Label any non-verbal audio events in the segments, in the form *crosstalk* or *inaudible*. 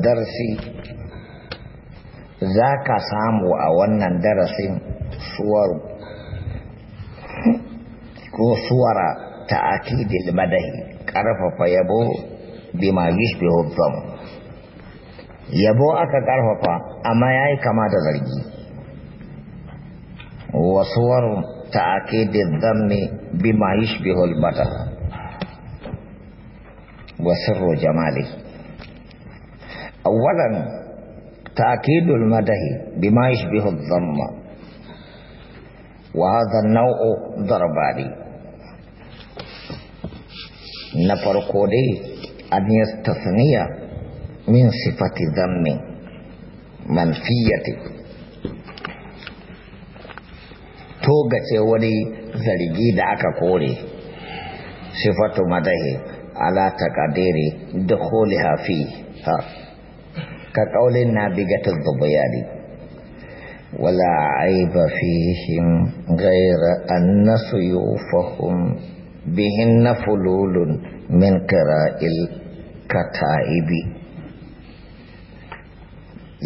darasi za ka samu a wannan darasin suwar ko suwara ta akidil madahi ƙarfafa yabo bima yishbihu dham yabo aka ƙarfafa amma yayi kama da zargi wa suwar ta akidil dhammi bima yishbihu al-badal wa sirru jamalihi أولا تأكيد المدح بما يشبه الضم وهذا النوع ضرباني نفرقودي أن يستثني من صفة ذم منفية توقع ولي zargi دعك قولي صفة sifatu على تقدير دخولها فيه ka ƙaulin na bigatar bayani wala aiba fihim gaira annasu yufahum bihin na fululun min kira'il kata'ibi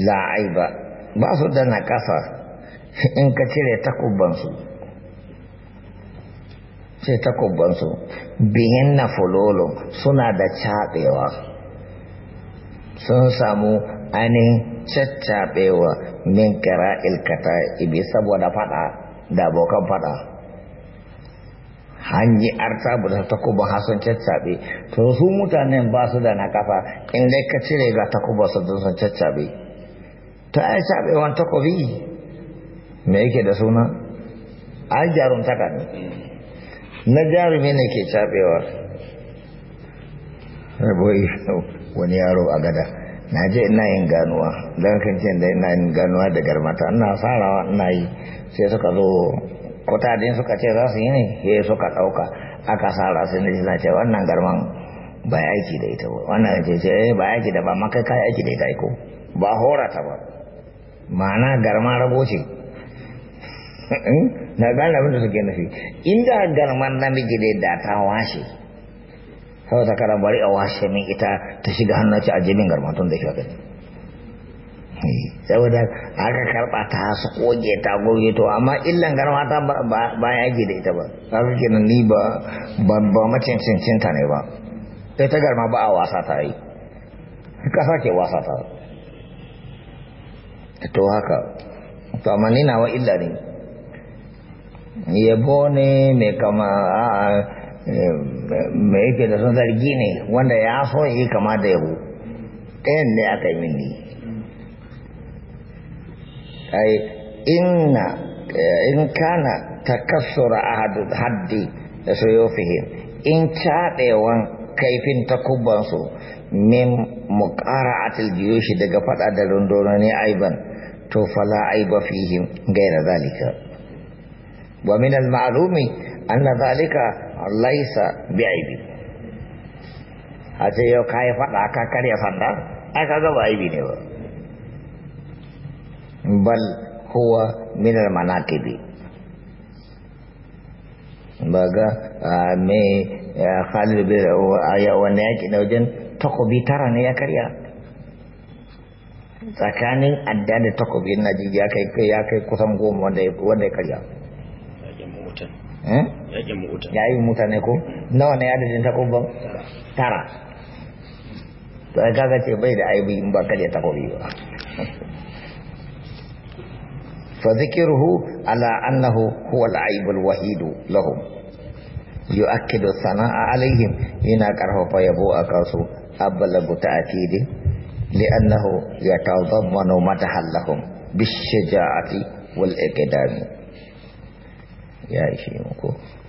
la aiba ba su da na ƙasa in ka cire takubansu ce takubansu bihin na fululun suna da caɓewa sun samu ainihin caccaɓewa min kara ilkata ibi saboda fada da abokan fada hanyi buda da takuban hasun caccaɓe to su mutanen ba su da na kafa in dai ka cire ga takuban su don sun caccaɓe ta yi caɓewan takobi me yake da suna ai jarumtaka ne na jarumi ne ke caɓewa wani yaro a gada na je ina yin ganuwa don kan ce da ina yin ganuwa da garmata ina farawa ina yi sai suka zo kutadin suka ce za su yi ne ya suka ɗauka aka sara sai na suna ce wannan garman ba ya aiki da ita ba wannan ce ce eh, ba ya aiki da ba ma kai aiki da ita ko ba hora ta ba ma'ana garma rabo ce *laughs* hmm? na gane abin da suke nufi inda garman namiji ne da ta washe sau da kara bari a washe min ita ta shiga hannun ci a jibin garmatun da shi saboda aka karba ta su koge ta goge to amma illan garmata ba ya ji da ita ba haka kenan ni ba ba ta ne ba sai ta garma ba a wasa ta yi kasa ke wasa ta to haka to amma ni nawa illa ne yabo ne mai kama a ah, eh, Mai yake da sun zargi ne wanda ya so yi kama da yabo ɗayan ne aka yi mini eh, in kana takassura a haddi da sayufihim in caɗewan kaifin takubbansu min a jiyushi daga faɗa da ne aiban to fala aiba fihim gaira zalika wa min al-ma'lumi anna zalika laisa aibi a ce yau ka yi faɗa ka karya sanda ai ka gaba aibi ne ba bal kowa minar mana kebe ba ga me Khalid bin wanda yake na wajen takobi tara ne ya karya tsakanin adda da takobi na jiji ya kai kusan goma wanda ya karya yakin mu'uta yayin mutane ko nawa ne adadin takobban tara to ai kaga ce bai da aibi in ba ka da takobi ba fa zikruhu ala annahu huwa al-aib al-wahid lahum yu'akkidu sana'a alaihim ina karfafa yabo a kansu abalagu ta'kidi لأنه يتضمن مدحا لهم بالشجاعة والإقدام يا إشي مكو